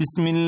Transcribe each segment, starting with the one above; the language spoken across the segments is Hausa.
بسم الله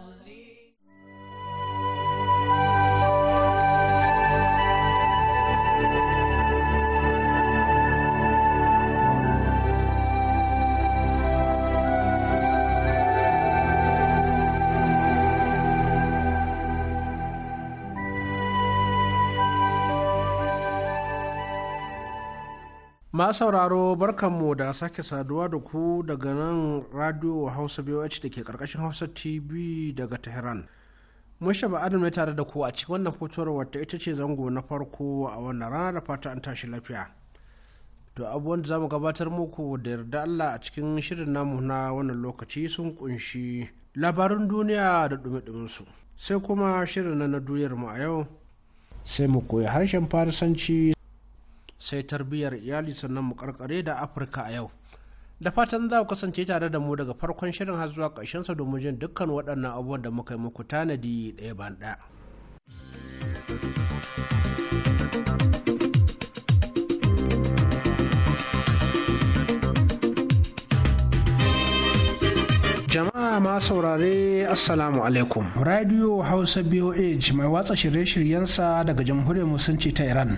Ma sauraro barkanmu da sake saduwa da ku daga nan radio Hausa BOH da ke karkashin Hausa TV daga Tehran. Mushaba Adam ne tare da ku a cikin wannan fitowar wata ita ce zango na farko a wannan rana da fata an tashi lafiya. To abubuwan da za mu gabatar muku da yarda Allah a cikin shirin namu na wannan lokaci sun kunshi labarin duniya da dumi duminsu sai kuma shirin na duniyar mu a yau sai mu koyi harshen farisanci sai tarbiyyar iyali sannan mu karkare da afirka a yau da fatan za ku kasance tare da mu daga farkon shirin har zuwa sa domin jin dukkan waɗannan abubuwan da muka yi muku tanadi ɗaya ban ɗaya. Jama'a ma saurare Assalamu alaikum. Radio Hausa BOH mai watsa shirye-shiryensa daga Jamhuriyar Musulunci ta Iran.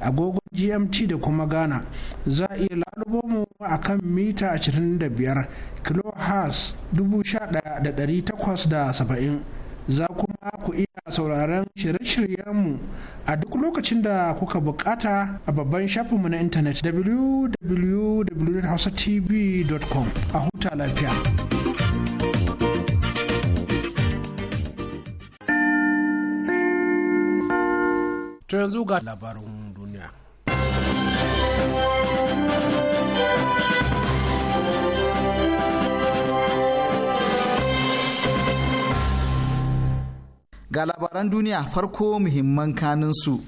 agogon gmt da kuma ghana za a iya lalubo mu a kan mita 25 kilohertz 11870 za kuma ku iya sauraren shirye mu a duk lokacin da kuka bukata a babban shafinmu na intanet www.hausatv.com a huta lafiya to yanzu ga labarin ga labaran duniya farko muhimman kanin su.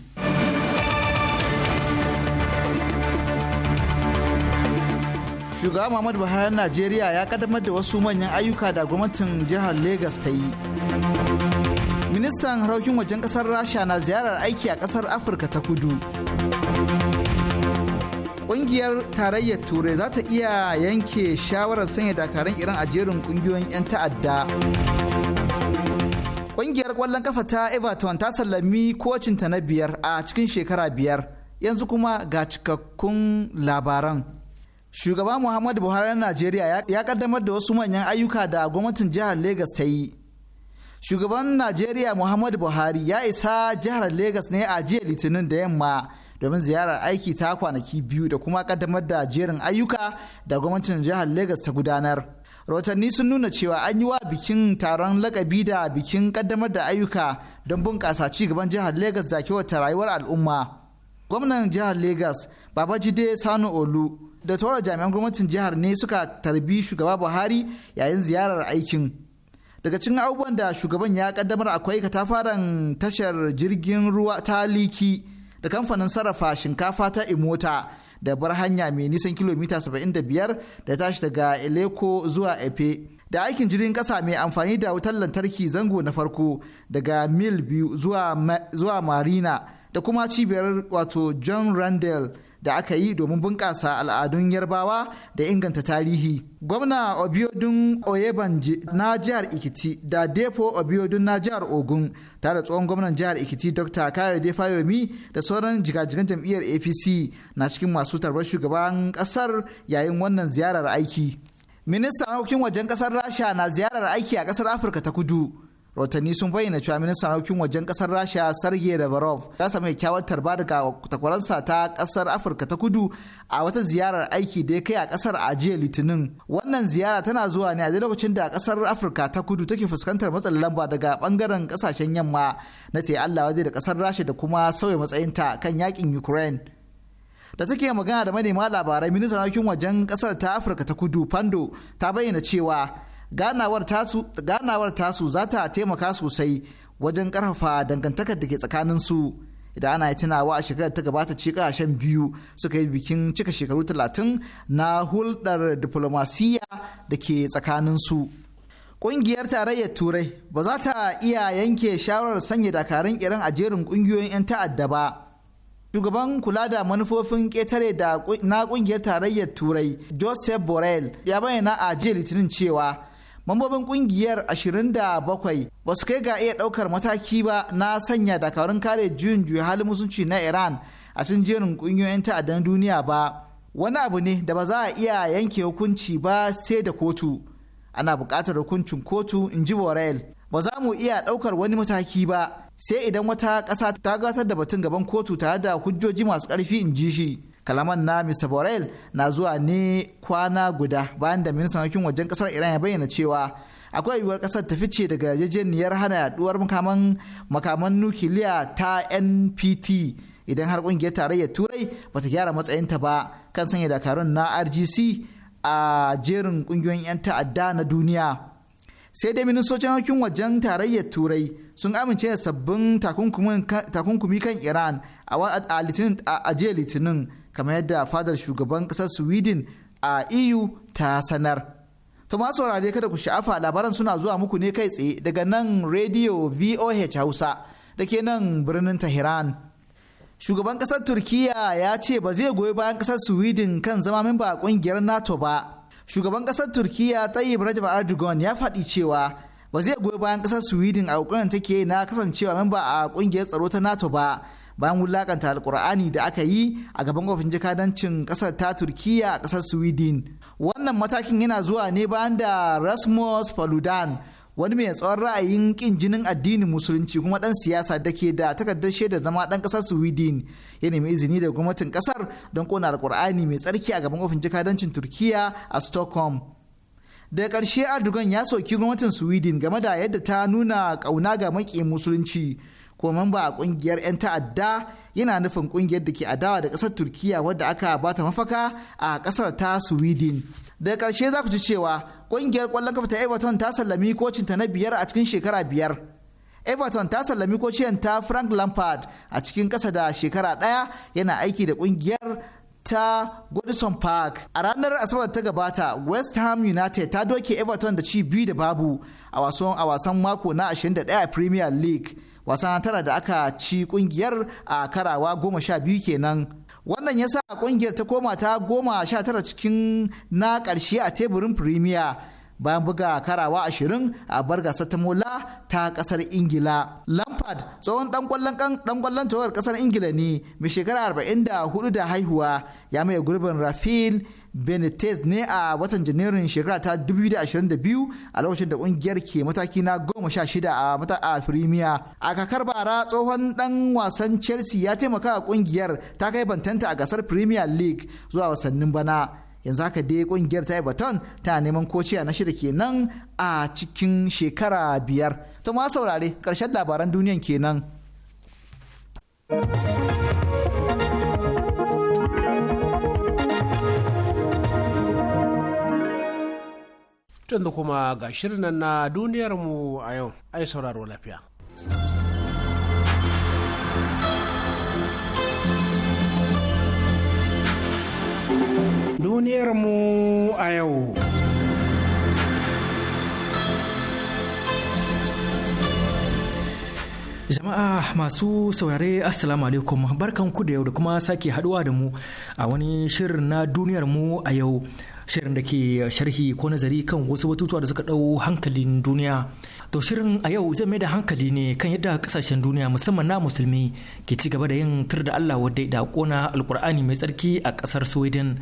Shugaba Muhammadu Buhari Najeriya ya kaddamar da wasu manyan ayyuka da gwamnatin jihar Legas ta yi. Ministan harkokin wajen kasar Rasha na ziyarar aiki a kasar Afirka ta kudu. Ƙungiyar tarayyar Turai za ta iya yanke shawarar sanya dakarun Iran a jerin ƙungiyoyin 'yan ta'adda. Ƙungiyar kwallon kafa ta Everton ta sallami kocinta na biyar a cikin shekara biyar yanzu kuma ga cikakkun labaran. Shugaba Muhammadu Buhari na Najeriya ya kaddamar da wasu manyan ayyuka da gwamnatin jihar Legas ta yi. Shugaban Najeriya Muhammadu Buhari ya isa jihar Legas ne a jiya Litinin da yamma domin ziyarar aiki ta kwanaki biyu da kuma kaddamar da jerin ayyuka da gwamnatin jihar Legas ta gudanar. rahotanni sun nuna cewa an yi wa bikin taron lakabi da bikin kaddamar da ayyuka don bunƙasa ci gaban jihar Legas da kewata rayuwar al'umma. Gwamnan jihar Legas Babajide Sanu Olu da tora jami'an gwamnatin jihar ne suka tarbi shugaba Buhari yayin ziyarar aikin. Daga cikin abubuwan da shugaban ya kaddamar akwai katafaren tashar jirgin ruwa ta Liki da kamfanin sarrafa shinkafa ta Imota. da bar hanya mai nisan kilomita 75 da tashi daga Eleko zuwa Efe. Da aikin jirgin kasa mai amfani da wutar lantarki zango na farko daga mil biyu zuwa Marina da kuma cibiyar wato John Randall da aka yi domin bunƙasa al'adun yarbawa da inganta tarihi. Gwamna Obiodun oyeban na jihar Ikiti da Depo Obiodun na jihar Ogun tare da tsohon gwamnan jihar Ikiti Dr. Kayode Fayomi da sauran jigajigan jam'iyyar APC na cikin masu tarbar shugaban kasar yayin wannan ziyarar aiki. Ministan harkokin wajen ƙasar Rasha na ziyarar aiki a ƙasar Afirka ta Kudu. rotanni sun bayyana cewa ministan harkokin wajen kasar rasha sergei lavrov ya samu kyakkyawar tarba daga takwaransa ta kasar afirka ta kudu a wata ziyarar aiki da ya kai a kasar a jiya litinin wannan ziyara tana zuwa ne a lokacin da kasar afirka ta kudu take fuskantar matsalar lamba daga bangaren kasashen yamma na ce allah waje da kasar rasha da kuma sauya matsayinta kan yakin ukraine da take magana da manema labarai ministan harkokin wajen kasar ta afirka ta kudu pando ta bayyana cewa ganawar tasu za ta taimaka sosai wajen karfafa dangantakar da ke tsakanin su idan ana tunawa a shekarar ta gabata ce kasashen biyu suka yi bikin cika shekaru talatin na hulɗar diplomasiya da ke tsakanin su ƙungiyar tarayyar turai ba za ta iya yanke shawarar sanya dakarun kiran a jerin ƙungiyoyin 'yan ta'adda ba Shugaban kula da manufofin ƙetare na ƙungiyar tarayyar Turai, Joseph Borrell, ya bayyana a jiya Litinin cewa mambobin kungiyar 27 ba su kai ga iya daukar mataki ba na sanya dakarun kare juyin juya halin musulunci na iran a cikin jerin kungiyoyin ta'addan duniya ba wani abu ne da ba za a iya yanke hukunci ba sai da kotu ana buƙatar hukuncin kotu in ji borel ba za mu iya ɗaukar wani mataki ba sai idan wata ƙasa ta gatar da batun gaban kotu tare da hujjoji masu ƙarfi in ji shi kalaman na Mr. Borrell na zuwa ne kwana guda bayan da ministan harkokin wajen kasar Iran ya bayyana cewa akwai yiwuwar kasar ta fice daga yarjejeniyar hana yaduwar makaman makaman nukiliya ta NPT idan har kungiyar tarayyar Turai bata gyara matsayin ta ba kan sanya dakarun na RGC a jerin kungiyoyin 'yan ta'adda na duniya. Sai dai ministocin harkokin wajen tarayyar Turai sun amince da sabbin takunkumi kan Iran a jiya Litinin kamar yadda fadar shugaban kasar sweden a eu ta sanar to ma saurare kada ku sha'afa labaran suna zuwa muku ne kai tsaye daga nan radio voh hausa da ke nan birnin tehran shugaban kasar turkiya ya ce ba zai goyi bayan kasar sweden kan zama memba kungiyar nato ba shugaban kasar turkiya tayyip rajab erdogan ya faɗi cewa ba zai goyi bayan kasar sweden a kokarin take na kasancewa memba a kungiyar tsaro ta nato ba bayan wulakanta alkur'ani da aka yi a gaban kofin jakadancin kasar ta turkiya a kasar sweden wannan matakin yana zuwa ne bayan da rasmus faludan wani mai tsawon ra'ayin kin jinin addinin musulunci kuma dan siyasa da ke da takardar shaida zama dan kasar sweden ya nemi izini da gwamnatin kasar don kona alkur'ani mai tsarki a gaban ofin jakadancin turkiya a stockholm da karshe adugan ya soki gwamnatin sweden game da yadda ta nuna kauna ga maƙiyin musulunci ko mamba a kungiyar 'yan ta'adda yana nufin kungiyar da ke adawa da kasar turkiya wadda aka bata mafaka a kasar ta sweden daga karshe za ku ci cewa kungiyar kwallon kafa ta everton ta sallami kocinta na biyar a cikin shekara biyar everton ta sallami kociyan ta frank lampard a cikin kasa da shekara daya yana aiki da kungiyar ta Godison Park. A ranar Asabar ta gabata, West Ham United ta doke Everton da ci biyu da babu a wasan mako na 21 a Premier League. wasa tara da aka ci kungiyar a karawa goma sha biyu kenan wannan ya sa kungiyar ta koma ta goma sha tara cikin na karshe a teburin premier bayan buga karawa ashirin a bar gasar ta mola ta kasar ingila lampard tsohon dan kwallon tawar kasar ingila ne mai shekara arba'in da hudu da haihuwa ya mai gurbin rafil benitez ne a watan janairun shekara ta 2022 a lokacin da kungiyar ke mataki na shida a mata a firimiya a kakar bara tsohon dan wasan chelsea ya taimaka a kungiyar ta kai bantanta a gasar premier league zuwa wasannin bana yanzu haka dai kungiyar ta baton ta neman kociya na shida kenan a cikin shekara biyar to ma saurare karshen labaran duniyan kenan da kuma ga shirin na duniyarmu a yau ai sauraro lafiya. duniyarmu a yau. Jama'a masu saurare Assalamu alaikum barkan ku da yau da kuma sake haduwa da mu a wani shirin na duniyar mu a yau shirin da ke sharhi ko nazari kan wasu batutuwa da suka ɗau hankalin duniya. To shirin a yau zai mai da hankali ne kan yadda kasashen duniya musamman na musulmi ke ci gaba da yin tur da Allah wadda da kona alkur'ani mai tsarki a ƙasar Sweden.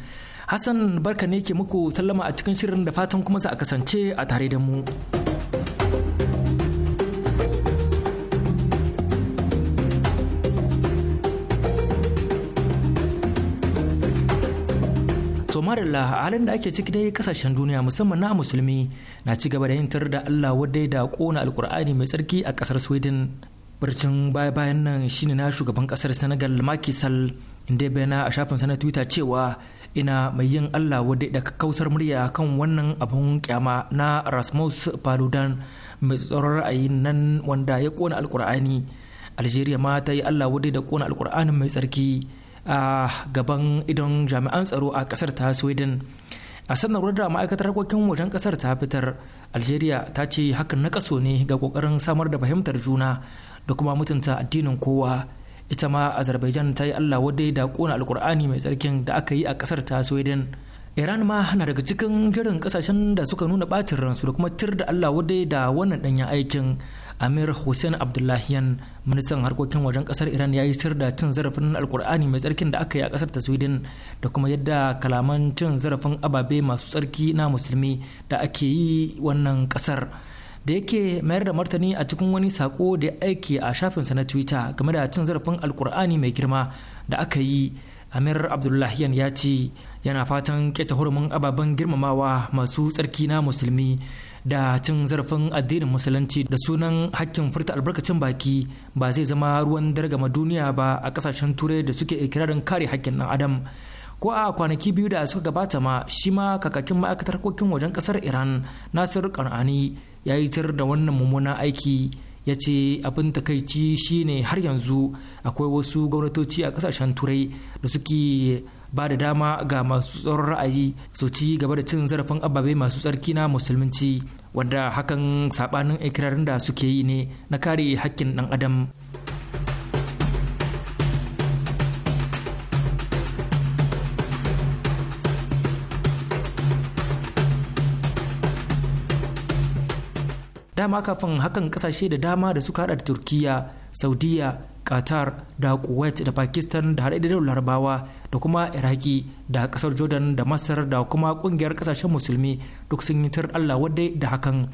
Hassan barka ne ke muku sallama a cikin shirin da fatan kuma za a kasance a tare da mu. Tomarilla a halin da ake ciki dai kasashen duniya musamman na musulmi na ci gaba da yin tar da allah wadai da kona alkur'ani mai tsarki a kasar sweden barcin baya bayan nan shine na shugaban kasar senegal Macky Sall inda ya a shafin na twitter cewa ina mai yin Allah wadda da kausar murya kan wannan abun kyama na Rasmus Paludan mai tsoron ra'ayin nan wanda ya kona alkur'ani Algeria ma ta yi Allah wadda da kona alkur'anin mai tsarki a gaban idon jami'an tsaro a kasar ta Sweden a sanarwar da ma'aikatar harkokin wajen kasar ta fitar Algeria ta ce hakan na kaso ne ga kokarin samar da fahimtar juna da kuma mutunta addinin kowa ita ma azerbaijan ta yi allah wadai da kona alkur'ani mai tsarkin da aka yi a kasar ta sweden iran ma na daga cikin jirin kasashen da suka nuna bacin ransu da kuma tir da allah wadai da wannan ɗanyan aikin amir hussein abdullahiyan ministan harkokin wajen kasar iran ya yi tir da cin zarafin alkur'ani mai tsarkin da aka yi a kasar ta sweden da kuma yadda kalaman cin zarafin ababe masu tsarki na musulmi da ake yi wannan kasar da yake mayar da martani a cikin wani sako da aiki a shafinsa na twitter game da cin zarafin alkur'ani mai girma da aka yi amir abdullahiyan ya ce yana fatan keta hurumin ababen girmamawa masu tsarki na musulmi da cin zarafin addinin musulunci da sunan hakkin furta albarkacin baki ba zai zama ruwan dargama duniya ba a kasashen turai da suke ikirarin kare hakkin ɗan adam ko a kwanaki biyu da suka gabata ma shi ma kakakin ma'aikatar harkokin wajen kasar iran nasir kan'ani ya yi tar da wannan mummunan aiki ya ce abin takaici shine har yanzu akwai wasu gwamnatoci a kasashen turai da suke ba da dama ga masu tsoron ra'ayi su ci gaba da cin zarafin ababe masu tsarki na musulunci wanda hakan sabanin ikirarin da suke yi ne na kare hakkin dan adam dama kafin hakan kasashe da dama da suka hada da turkiya saudiya qatar da kuwait da pakistan da har da larabawa da kuma iraki da kasar jordan da masar da kuma kungiyar kasashen musulmi duk sun yi allah wadai da hakan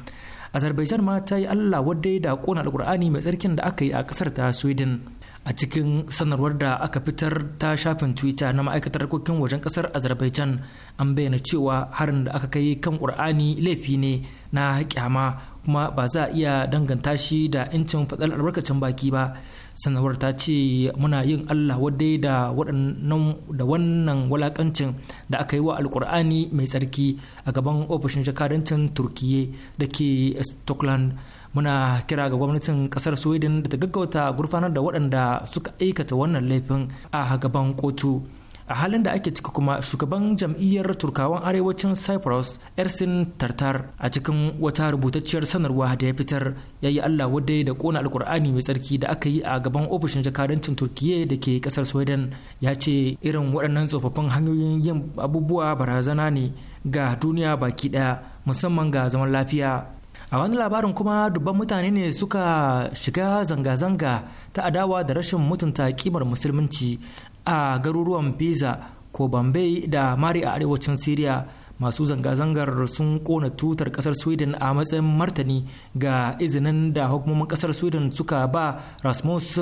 azerbaijan ma ta yi allah wadai da kona alkur'ani mai tsarkin da aka yi a kasar ta sweden a cikin sanarwar da aka fitar ta shafin twitter na ma'aikatar harkokin wajen kasar azerbaijan an bayyana cewa harin da aka kai kan ƙur'ani laifi ne na kyama kuma ba za a iya danganta shi da 'yancin faɗar albarkacin baki ba sanarwar ta ce muna yin allah wadai da wannan walakancin da aka yi wa alkur'ani mai tsarki a gaban ofishin jakadancin turkiye da ke stockland muna kira ga gwamnatin kasar sweden da ta gaggauta gurfanar da waɗanda suka aikata wannan laifin a gaban kotu a halin da ake ciki kuma shugaban jam'iyyar turkawan arewacin cyprus ersin tartar a cikin wata rubutacciyar sanarwa da ya fitar ya yi allah wadai da kona alkur'ani mai tsarki da aka yi a gaban ofishin jakadancin turkiyya da ke kasar sweden ya ce irin waɗannan tsofaffin hanyoyin yin abubuwa barazana ne ga duniya baki ɗaya musamman ga zaman lafiya a wani labarin kuma dubban mutane ne suka shiga zanga-zanga ta adawa da rashin mutunta kimar musulunci a garuruwan pisa ko bambai da mari a arewacin syria masu zanga-zangar sun kona tutar kasar sweden a matsayin martani ga izinin da hukumomin kasar sweden suka ba rasmus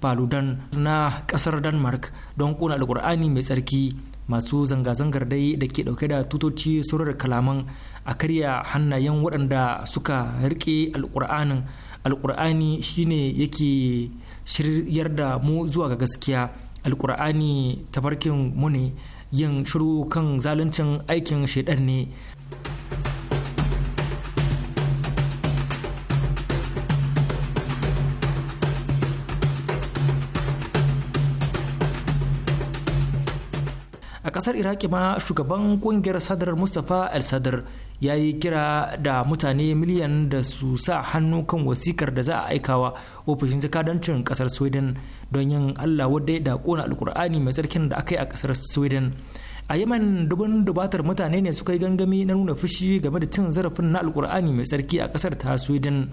paludan na kasar denmark don kona alkur'ani mai tsarki masu zanga-zangar dai da ke dauke da tutoci surar kalaman a karya hannayen waɗanda suka rike alkur'anin alkur'ani shine yake shiryar da mu zuwa ga gaskiya alkur'ani tabarkin mu ne yin shiru kan zaluncin aikin shaidan ne kasar iraki ma shugaban kungiyar sadar mustapha al sadar ya yi kira da mutane miliyan da su sa hannu kan wasikar da za a aikawa ofishin jakadancin kasar sweden don yin allah wadda da kona alkur'ani mai tsarkin da aka yi a kasar sweden a yaman dubun dubatar mutane ne suka yi gangami na nuna fushi game da cin zarafin na alkur'ani mai tsarki a kasar ta sweden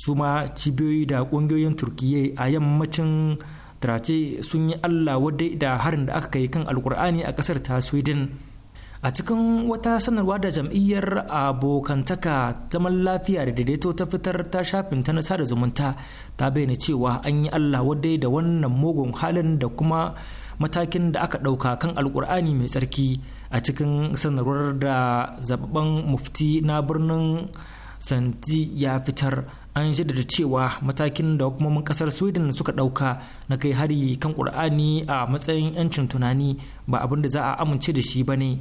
su ma cibiyoyi da kungiyoyin turkiyya a yammacin tarace sun yi allah wadda da harin da aka kai kan alkur'ani a kasar ta sweden a cikin wata sanarwa da jam'iyyar abokantaka zaman lafiya da daidaito ta fitar ta shafin ta na sada zumunta ta bayyana cewa an yi allah wadda da wannan mugun halin da kuma matakin da aka ɗauka kan alkur'ani mai tsarki a cikin sanarwar da zababban mufti na birnin santi ya fitar an jaddada cewa matakin da hukumomin kasar sweden suka dauka na kai hari kan kur'ani a matsayin 'yancin tunani ba abin da za a amince da shi ba ne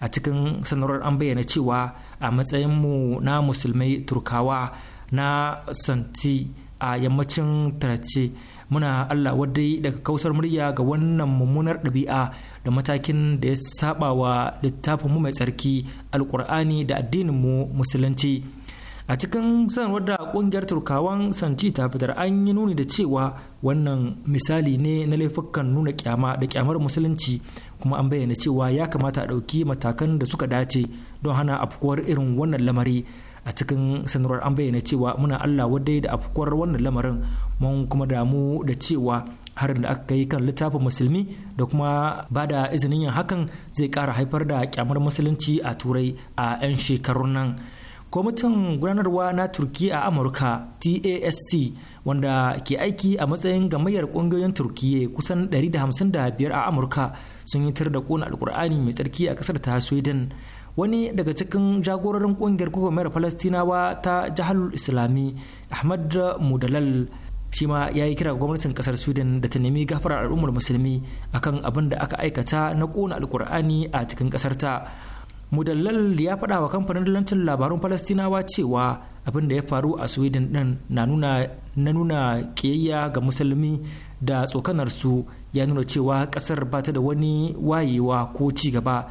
a cikin sanarwar an bayyana cewa a matsayinmu na musulmai turkawa na santi a yammacin tarace muna allah wadai daga kausar murya ga wannan mummunar ɗabi'a da matakin da ya saba wa littafinmu mai tsarki alkur'ani da addininmu musulunci a cikin sanarwar da kungiyar turkawan sanci ta fitar an yi nuni da cewa wannan misali ne na laifukan nuna kyama da kyamar musulunci kuma an bayyana cewa ya kamata a ɗauki matakan da suka dace don hana afkuwar irin wannan lamari a cikin sanarwar an bayyana cewa muna allah wadai da afkuwar wannan lamarin mun kuma damu da cewa harin da aka yi kan littafin musulmi da kuma ba da izinin yin hakan zai kara haifar da kyamar musulunci a turai a 'yan shekarun nan kwamitin gudanarwa na turki a amurka tasc wanda ke aiki a matsayin gamayyar kungiyoyin turkiye kusan 155 a amurka sun yi tar da kona alkur'ani mai tsarki a kasar ta sweden wani daga cikin jagororin kungiyar gwagwarmayar falastinawa ta jihar islami ahmad mudalal shi ma ya yi kira gwamnatin kasar sweden da ta nemi gafarar al'ummar musulmi akan abin da aka aikata na kona alkur'ani a cikin kasar ta mudallal ya faɗa wa kamfanin lantin labarun falastinawa cewa abin da ya faru a sweden ɗin na nuna na ga musulmi da tsokanarsu ya nuna cewa ƙasar ba ta da wani wayewa ko ci gaba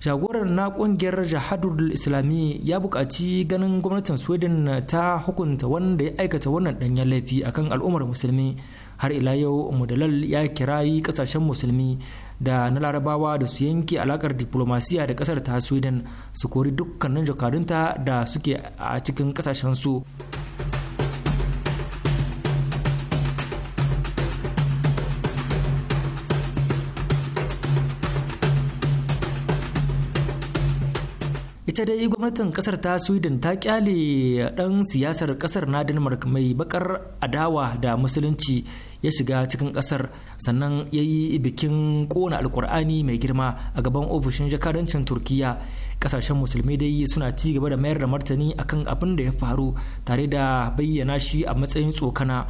jagorar na ƙungiyar jihadul islami ya buƙaci ganin gwamnatin sweden ta hukunta wanda ya aikata wannan ɗanyen laifi akan al'ummar musulmi har ila yau mudalal ya kirayi ƙasashen musulmi da na larabawa da su yanke alakar diplomasiya da kasar ta sweden su kori dukkanin jakadunta da suke a cikin kasashen su ita dai gwamnatin kasar ta sweden ta kyale dan siyasar kasar na denmark mai bakar adawa da musulunci ya shiga cikin kasar sannan ya yi bikin kona alkur'ani mai girma a gaban ofishin jakarancin turkiya kasashen musulmi dai suna ci gaba da mayar da martani akan abin da ya faru tare da bayyana shi a matsayin tsokana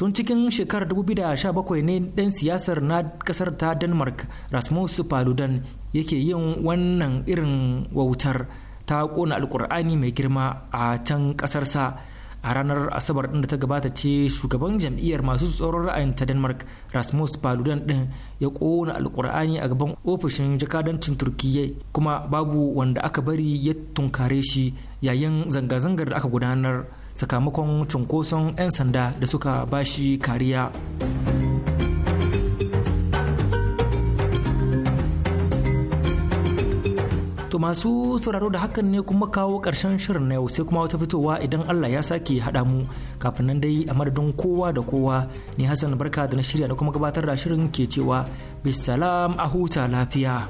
tun cikin shekarar 2017 ne dan siyasar na kasar ta denmark rasmus paludan yake yin wannan irin wautar ta kona alkur'ani mai girma a can ƙasarsa a ranar asabar din da ta gabata ce shugaban jam'iyyar masu tsoron ra'ayin ta denmark rasmus paludan din ya kona alkur'ani a gaban ofishin jakadancin turkiyya kuma babu wanda aka bari ya tunkare shi yayin zanga-zangar da aka gudanar sakamakon cunkoson 'yan sanda da suka bashi kariya. To masu sauraro da hakan ne kuma kawo ƙarshen shirin na yau sai kuma wata fitowa idan Allah ya sake haɗa mu kafin nan dai a madadin kowa da kowa ni Hassan barka da na shirya da kuma gabatar da shirin ke cewa bisalam a huta lafiya.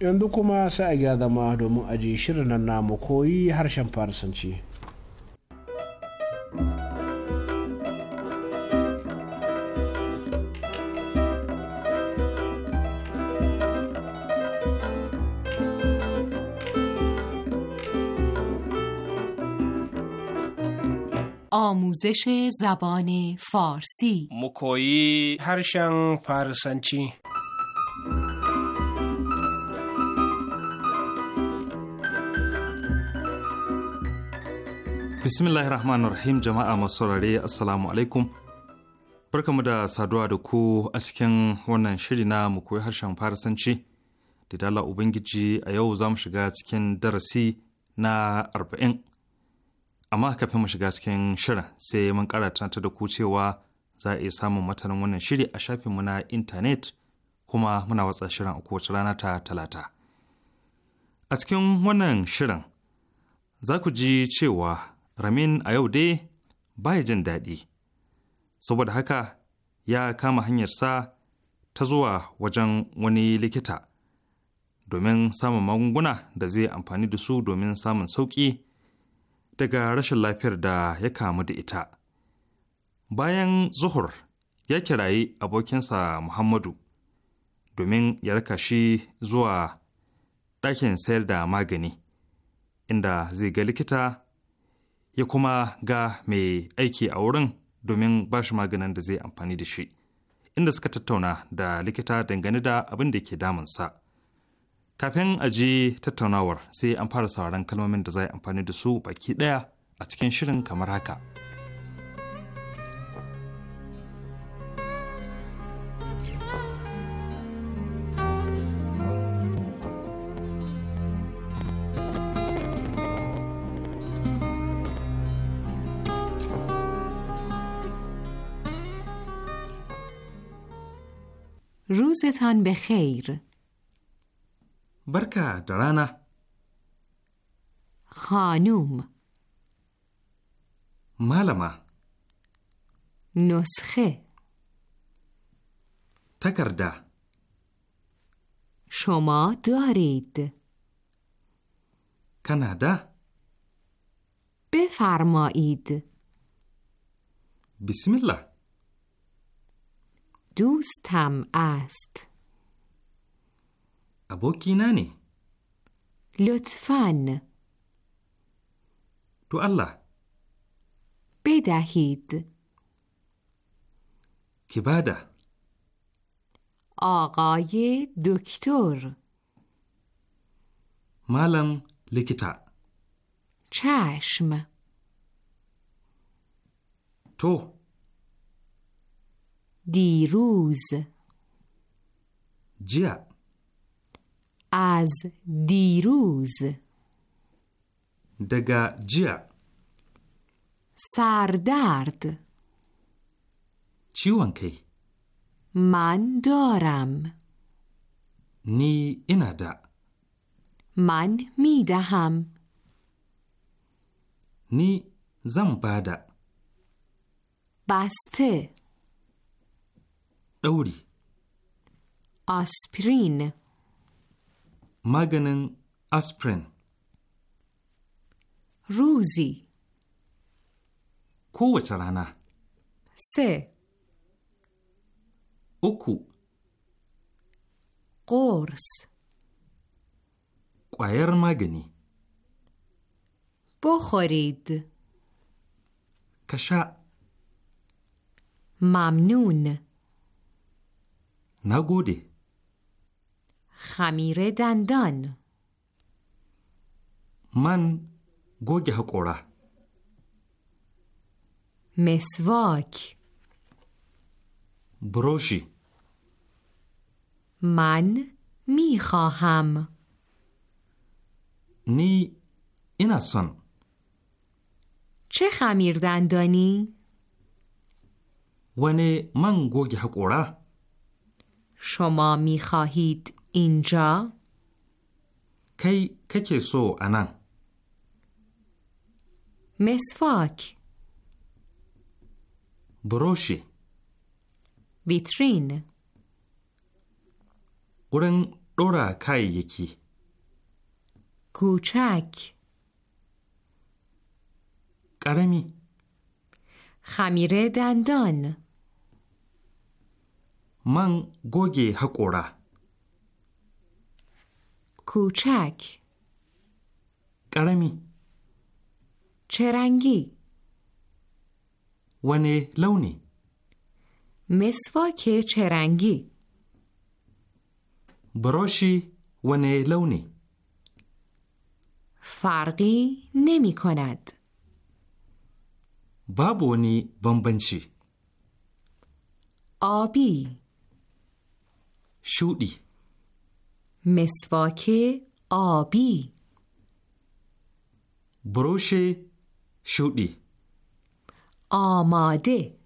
yanzu kuma sai a gya zama domin aji shirin nan namu koyi harshen farisanci. آموزش زبان فارسی مکویی هرشن فارسنچی Bismillahirrahmanirrahim jama'a masu saurare assalamu alaikum. Barkamu da saduwa da ku a cikin wannan shiri na mu koyi harshen Farisanci. Da dala Ubangiji a yau za mu shiga cikin darasi na arba'in. Amma kafin mu shiga cikin shirin sai mun karata ta da ku cewa za a iya samun matanin wannan shiri a shafinmu na intanet kuma muna watsa shirin a kowace rana ta talata. A cikin wannan shirin za ku ji cewa ramin a yau dai baya jin daɗi saboda haka ya kama hanyarsa ta zuwa wajen wani likita domin samun magunguna da zai amfani da su domin samun sauƙi daga rashin lafiyar da ya kamu da ita bayan zuhur ya kirayi abokinsa muhammadu domin ya raka shi zuwa ɗakin sayar da magani inda zai ga likita ya kuma ga mai aiki a wurin domin ba shi maganin da zai amfani da shi inda suka tattauna da likita dangane da abin da ke damunsa kafin a ji tattaunawar sai an fara sauran kalmomin da za amfani da su baki ɗaya a cikin shirin kamar haka. روزتان به خیر برکه درانه خانوم معلمه نسخه تکرده شما دارید کانادا بفرمایید بسم الله دوستم است ابوکی نانی؟ لطفا تو الله بدهید که بعد آقای دکتر مالم لکتا چشم تو دیروز جیا از دیروز دگا جیا سردرد چیوان کی من دارم نی اینا دا من میدهم نی زم بادا بسته ɗauri aspirin maganin aspirin روزی kowace rana Se. uku Kors. ƙwayar magani بخورید kasha Mamnun. نگوده خمیر دندان من گوگه حقوره مسواک بروشی من میخواهم نی این چه خمیر دندانی؟ ونه من گوگه کوره شما می خواهید اینجا؟ کی کچه سو انا مسواک بروشی ویترین قرن دورا کای یکی کوچک قرمی خمیره دندان من گوگی حقورا کوچک قرمی چرنگی ونه لونی مسواک چرنگی براشی ونه لونی فرقی نمی کند بابونی بمبنچی آبی شودی مسواک آبی بروش شودی آماده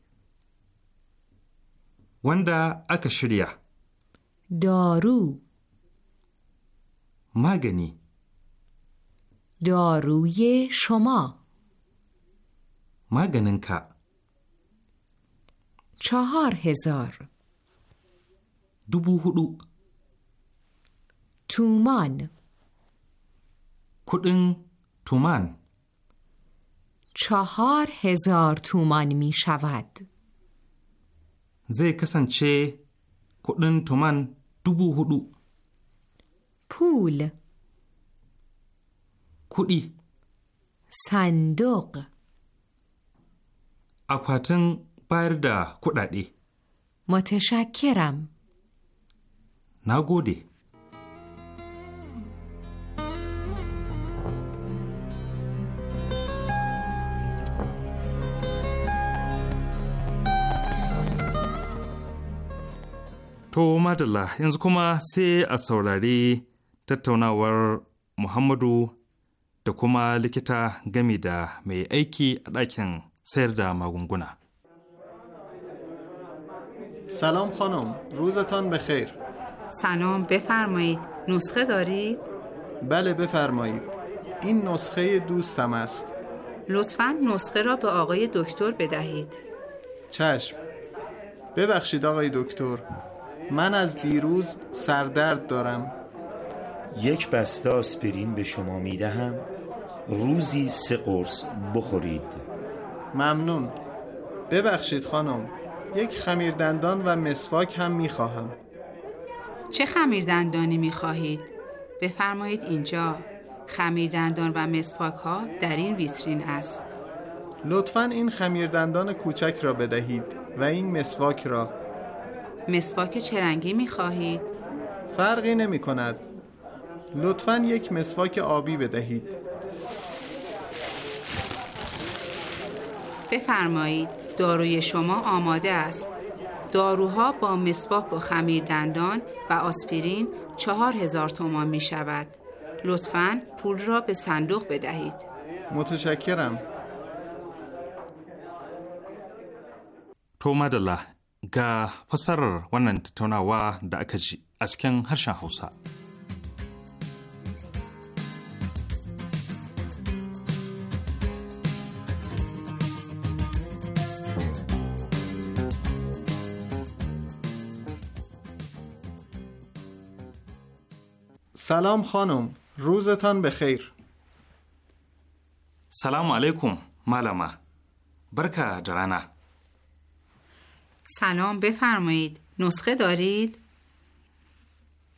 وندا اکا دارو مگنی داروی شما مگننکا چهار هزار dubu تومان تومان چهار هزار تومان می شود زی تومان دوبو پول کدی صندوق اکواتن بایر دا متشکرم Na gode. To madalla yanzu kuma sai a saurari tattaunawar Muhammadu da kuma likita gami da mai aiki a ɗakin sayar da magunguna. Salam khanam, ruzatan Bekhair. سلام بفرمایید نسخه دارید؟ بله بفرمایید این نسخه دوستم است لطفا نسخه را به آقای دکتر بدهید چشم ببخشید آقای دکتر من از دیروز سردرد دارم یک بسته آسپرین به شما میدهم روزی سه قرص بخورید ممنون ببخشید خانم یک خمیردندان و مسواک هم میخواهم چه خمیردندانی می خواهید؟ بفرمایید اینجا خمیردندان و مسواک ها در این ویترین است لطفا این خمیردندان کوچک را بدهید و این مسواک را مسواک چه رنگی می خواهید؟ فرقی نمی کند لطفا یک مسواک آبی بدهید بفرمایید داروی شما آماده است داروها با مسواک و خمیر دندان و آسپرین چهار هزار تومان می شود لطفا پول را به صندوق بدهید متشکرم تو مدله گه فسر تونا تتوناوا دا اکجی از کن هرشن حوصه سلام خانم روزتان بخیر سلام علیکم مالما برکه درانه سلام بفرمایید نسخه دارید؟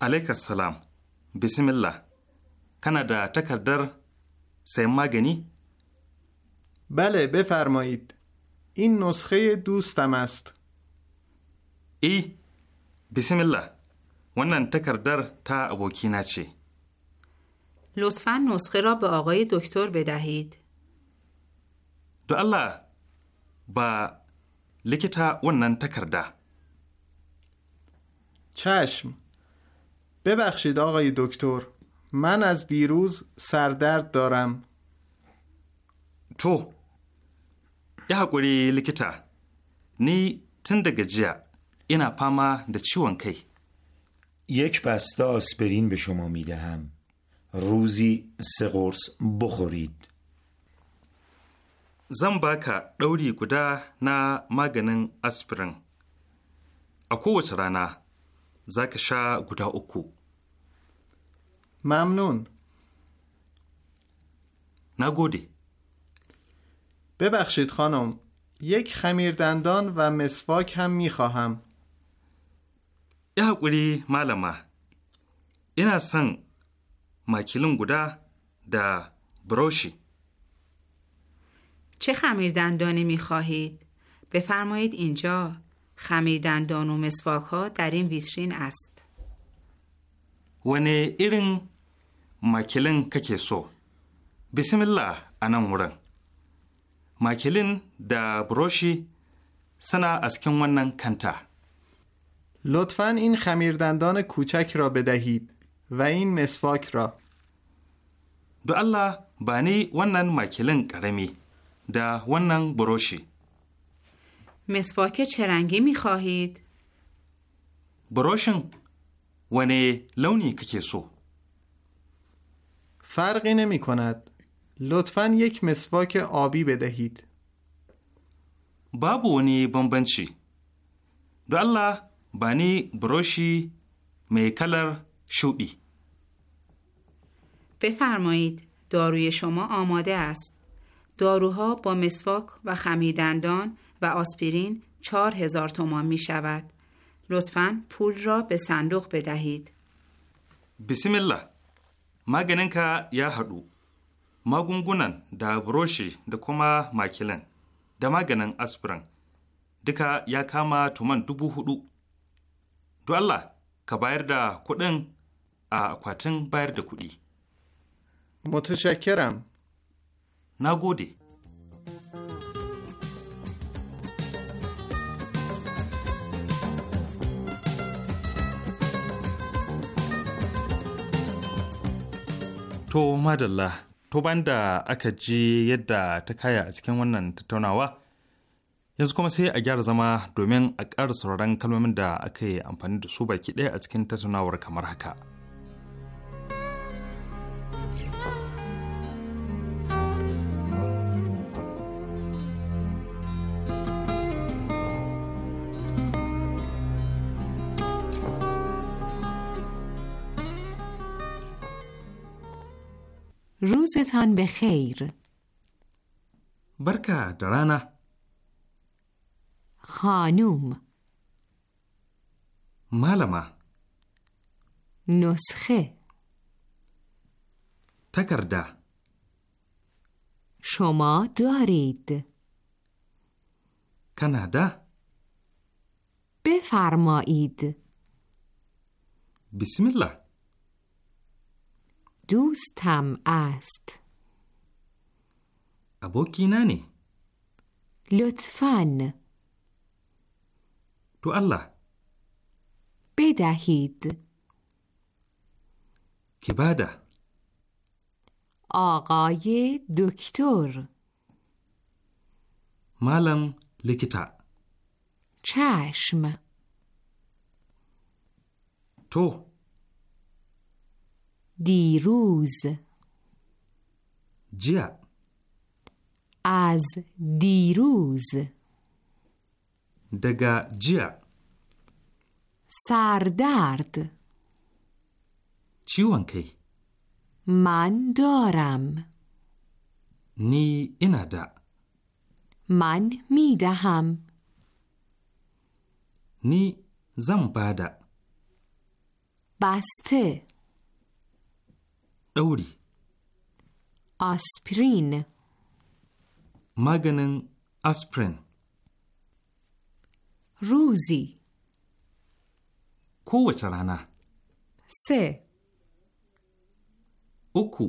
علیک السلام بسم الله کندا تکدر takardar گنی بله بفرمایید این نسخه دوستم است ای بسم الله wannan takardar ta abokina ce. Lusfan nuskhe ra doktor bedahid. Do Allah ba likita wannan takarda. Chashm. ببخشید آقای دکتر من از دیروز سردرد دارم تو یه حقوری لکیتا نی تند گجیا اینا یک بسته آسپرین به شما می دهم روزی سه قرص بخورید زنبکا دوری ɗauri نه na maganin aspirin a kowace rana za گدا sha ممنون نگودی ببخشید خانم یک خمیر دندان و مسواک هم میخواهم Ya haƙuri مالما، ina سن makilin guda دا بروشی چه خمیر دندانی می خواهید؟ بفرمایید اینجا خمیر دندان و مسواک ها در این ویترین است ونه ایرن مکیلن ککی سو بسم الله انا ورن مکیلن دا بروشی سنا از ون کنته لطفا این خمیردندان کوچک را بدهید و این مسواک را دو الله بانی ونن مکلن قرمی دا ونن بروشی مسواک چه رنگی می خواهید؟ بروشن ونی لونی که سو فرقی نمی کند لطفا یک مسواک آبی بدهید بابو ونی بمبنچی دو الله ba ni بروشی شوبی بفرمایید داروی شما آماده است داروها با مسواک و خمیدندان و آسپرین چهار هزار تومان می شود لطفا پول را به صندوق بدهید بسم الله maganin ka ya haɗu magungunan da buroshi da kuma makilin da maganin aspirin duka ya kama tuman To Allah, ka bayar da kuɗin a akwatin bayar da kuɗi. kiran. Na gode. To madalla, to banda aka ji yadda ta kaya a cikin wannan tattaunawa, yanzu kuma sai a gyara zama domin a ƙara sauraron kalmomin da aka yi amfani da su baki ɗaya a cikin tattaunawar kamar haka. روزتان به barka da rana. خانوم مالما نسخه تکرده شما دارید کانادا بفرمایید بسم الله دوستم است ابو نانی لطفاً تو الله بدهید که بعده آقای دکتر مالم لکتا چشم تو دیروز جا از دیروز daga jiya. Sardard. Ciwon kai. Man doram. Ni ina da. Man mi daham. Ni zan ba bada. Baste. Ɗauri. Aspirin. Maganin aspirin. روزی کوچرانا س اوکو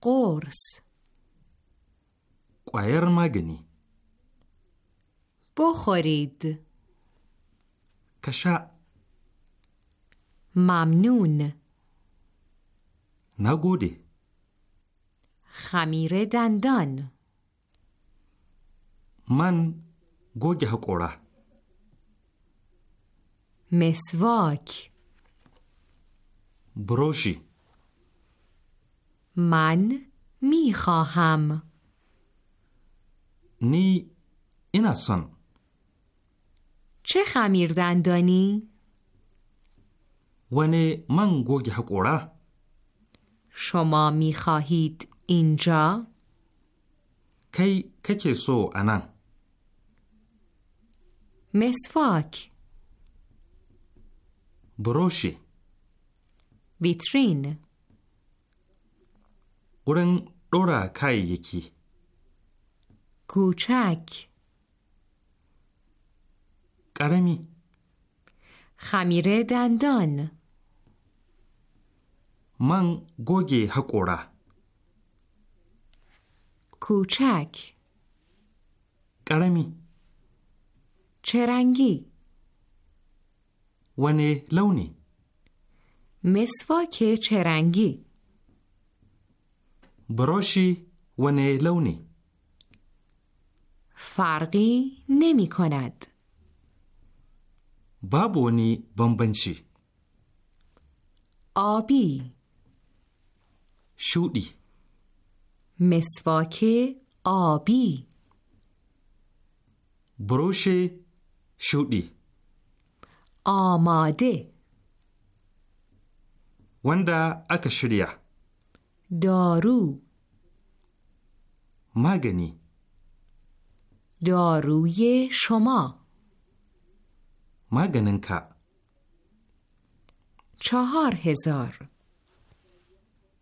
قورس قایر مگنی بخورید کشا ممنون نگودی خمیر دندان من گوگه کوره مسواک بروشی من میخواهم نی این چه خمیر دندانی؟ ونه من گوگه کوره شما میخواهید اینجا؟ کی ککی سو انان مسواک بروشی ویترین قرن دورا کای یکی کوچک قرمی خمیره دندان من گوگی حقورا کوچک قرمی چرنگی رنگی؟ ونه لونی مسواک چه رنگی؟ بروشی ونه لونی فرقی نمی کند بابونی بمبنشی آبی شودی مسواک آبی بروش shuɗi. Amade. Wanda aka shirya. Daru. Magani. Daruye shoma. Maganinka. Chahar hezar.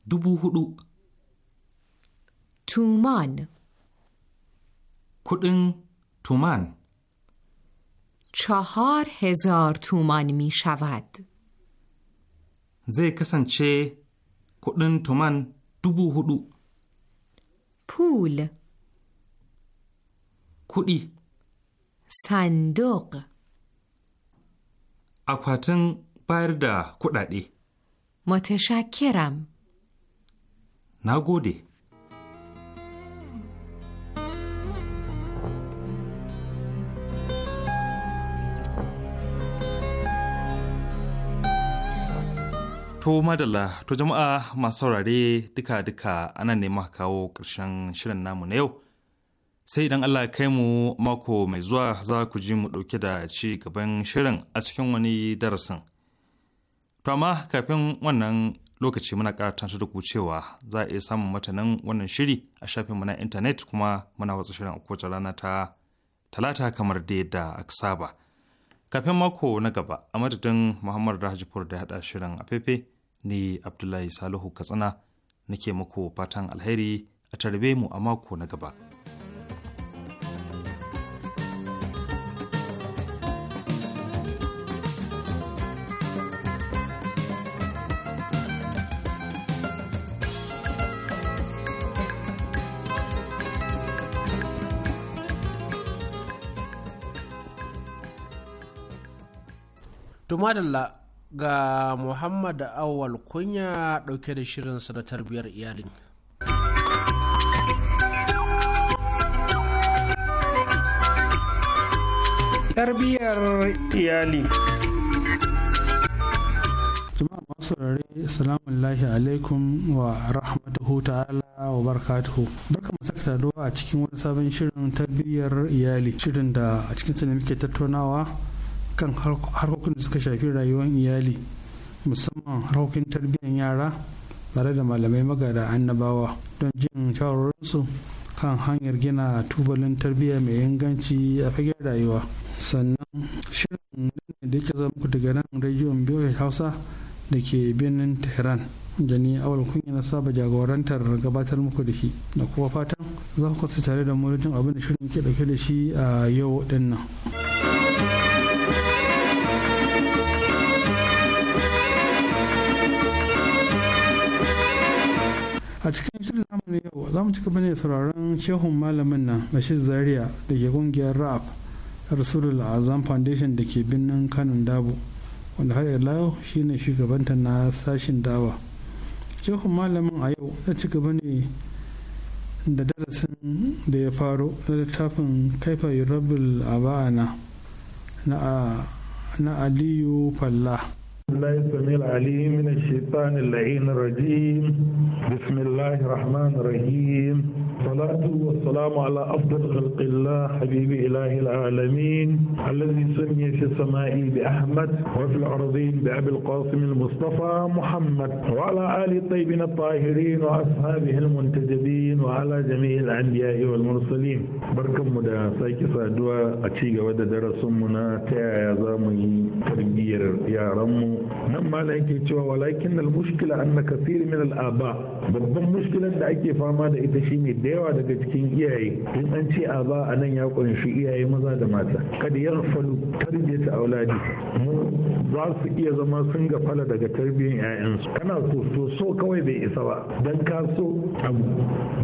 Dubu hudu. Tuman. Kudin Tuman. tuman. چهار هزار تومان می شود. زی کسان چه کدن تومان دوبو هدو پول کدی صندوق اکواتن برده کدادی متشکرم نگودی To madalla to jama'a masu saurare duka-duka ana nema kawo ƙarshen shirin namu na yau. Sai idan Allah kai mu mako mai zuwa za ku ji mu ɗauke da ci gaban shirin a cikin wani darasin. To amma kafin wannan lokaci muna ta da ku cewa za a iya samun matanin wannan shiri a mu na intanet kuma muna watsa shirin a kowace rana ta talata kamar dai da yadda aka saba. Kafin mako na gaba a madadin Muhammadu Rahajipur da haɗa shirin a fefe ni abdullahi salihu katsina nake muku fatan alheri a tarbe mu a mako na gaba. Tumadalla ga Muhammad Awal kunya ɗauke da shirinsa na tarbiyar iyalin. Tarbiyyar iyali. Jama'a masu rare, salamu alaikum wa rahmatuhu ta'ala wa barakatuhu. Barka mu saka taruwa a cikin wani sabon shirin tarbiyyar iyali, shirin da a cikinsa ne muke tattaunawa kan harkokin da suka shafi rayuwar iyali musamman harkokin tarbiyyar yara tare da malamai magada annabawa don jin shawararsu kan hanyar gina tubalin tarbiyya mai inganci a fagen rayuwa sannan shirin da ke zama ku daga nan rajiyon biyu hausa da ke birnin tehran da ni awal kunya na saba jagorantar gabatar muku da shi da kuma fatan za ku kasu tare da mu abin da shirin ke dauke da shi a yau dinnan. nan a cikin shirin namu ne yau za mu ci gaba ne sauraron shehun malamin nan bashir zaria da ke kungiyar rap rasulul azam foundation da ke birnin kanun dabo wanda har yalla ne shine shugabanta na sashin dawa shehun malamin a yau na ci gaba ne da darasin da ya faru na littafin kaifa yurabul abana na aliyu falla الله السميع العليم من الشيطان اللعين الرجيم بسم الله الرحمن الرحيم صلاة والسلام على أفضل خلق الله حبيب إله العالمين الذي سمي في السماء بأحمد وفي الأرضين بأبي القاسم المصطفى محمد وعلى آل الطيبين الطاهرين وأصحابه المنتجبين وعلى جميع الأنبياء والمرسلين بركم مدى سايكي سادوا أتشيغ ودى درس تعيزامي تربير يا رمو nan ma yake cewa walakin na mushkila na kathir min al'aba babban mushkilar da ake fama da ita shine da yawa daga cikin iyaye in an ce a ba a nan ya kunshi iyaye maza da mata Kada falu yarfalu ta auladi mu za su iya zama sun fala daga tarbiyyar 'ya'yansu kana so so so kawai bai isa ba dan ka so abu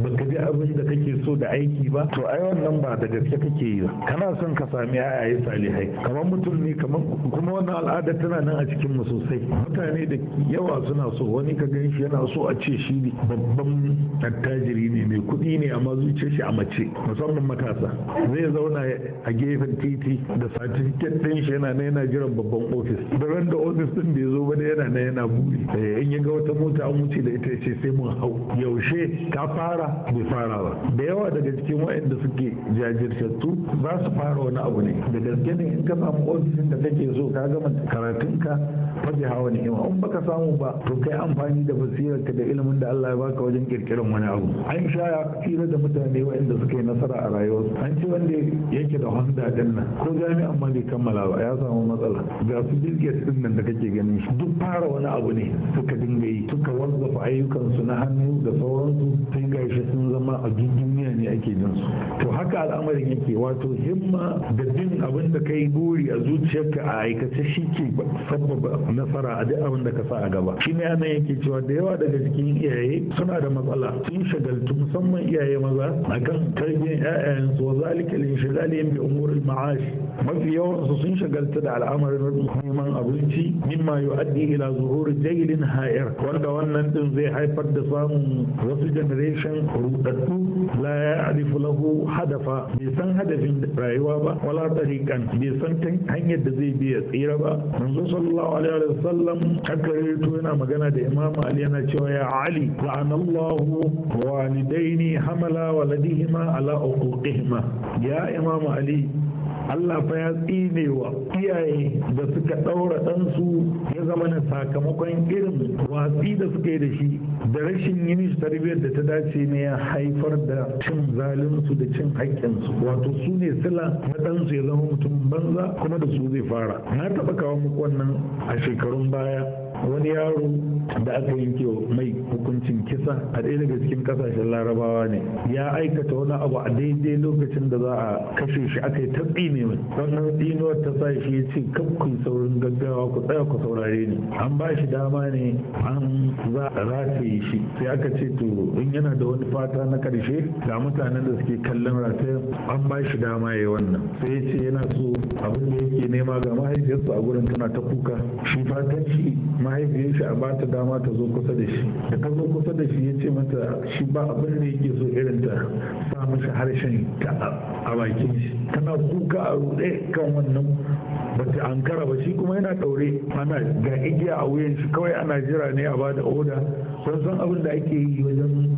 baka ji abin da kake so da aiki ba to ai wannan ba da gaske kake yi ba. kana son ka sami ayaye salihai kamar mutum ne kamar kuma wannan al'ada tana nan a cikin mu sosai mutane da yawa suna so wani ka gan shi yana so a ce shi ne. babban attajiri ne mai kuɗi ne amma zuciyar shi a mace musamman matasa zai zauna a gefen titi da satifiket ɗin shi yana na yana jiran babban ofis da ran da ofis ɗin bai zo ba da yana na yana buri eh, in ya ga wata mota an wuce da ita ce sai mun hau yaushe ta fara bai fara ba da yawa daga cikin waɗanda suke jajirtattu za su fara wani abu ne da gaske ne in ka samu ofisin da kake so ka gama karatunka fabi hawa ni'ima in baka samu ba to kai amfani da basirarka da ilimin da Allah ya baka wajen kirkirar wani abu an sha fira da mutane waɗanda suka yi nasara a rayuwarsu an ce wanda yake da honda din nan ko jami'an ma bai kammala ba ya samu matsala ga su bilgiyar din nan da kake ganin shi duk fara wani abu ne suka dinga yi suka wallafa ayyukansu na hannu da sauransu sai gaishe sun zama a duniya ne ake jin su to haka al'amarin yake wato himma da bin abin da kai buri a zuciyarka a aikace shi ke sababa nasara a duk abin da ka sa a gaba shi ne anan yake cewa da yawa daga cikin iyaye suna da matsala sun shagaltu musamman iyaye maza akan tarbiyyar ƴaƴan su wa zalika li shigalihim bi umuril ma'ash mafi yawan su sun shagalta da al'amarin neman abinci mimma yu'addi ila zuhuri jahilin ha'ir wanda wannan din zai haifar da samun wasu generation rudaddu la ya'rifu lahu hadafa bai san hadafin rayuwa ba wala tariqan bai san hanyar da zai biya ya tsira ba manzo sallallahu alaihi wa sallam haka rawaito yana magana da imam ali yana cewa ya ali la'anallahu walidaini hamala waladihima ala uquqihima ya imam ali Allah fa ya tsine wa iyaye da suka ɗaura ɗansu ya zama na sakamakon irin watsi da suka yi da shi da rashin yin tarbiyyar da ta dace ne ya haifar da cin zalinsu da cin haƙƙinsu wato su ne sila na ɗansu ya zama mutum banza kuma da su zai fara na taɓa kawo muku wannan a shekarun baya wani yaro da aka yanke mai hukuncin kisa a ɗaya daga cikin kasashen larabawa ne ya aikata wani abu a daidai lokacin da za a kashe shi aka yi ta tsine mai wannan tsinuwar ta sa shi ya ce kan ku saurin gaggawa ku tsaya ku saurare ni an ba shi dama ne an za a rataye shi sai aka ce to in yana da wani fata na karshe ga mutanen da suke kallon ratayen an ba shi dama ya wannan sai ya ce yana so abin da yake nema ga mahaifiyarsa a gurin tana ta kuka shi fatan shi mahaifiyar shi a bata dama ta zo kusa da shi da ta zo kusa da shi ya ce mata shi ba abin da yake so irin ta sa masa harshen ta a bakin shi tana kuka a ruɗe kan wannan ba ta ankara ba shi kuma yana ɗaure ana ga igiya a wuyan shi kawai ana jira ne a bada oda sun san abin da ake yi wajen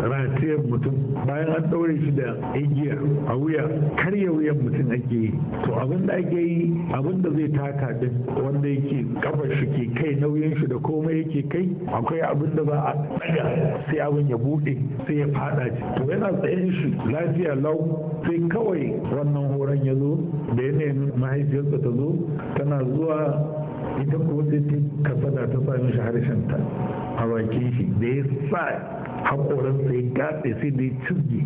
ratayar mutum bayan an ɗaure shi da igiya a wuya karya wuyan mutum ake yi to abin da ake yi abin da zai taka din wanda yake kafar shi ke kai nauyin shi da komai yake kai akwai abin da ba a ɗaga sai abin ya bude sai ya faɗa to yana tsayin shi lafiya lau sai kawai wannan horon ya zo da yanayin mahaifiyarsa ta zo tana zuwa ita ko sai ta kasada ta sami mishi harshen ta a bakin shi da ya sa haƙoransa sai gaɗe sai da ya cizge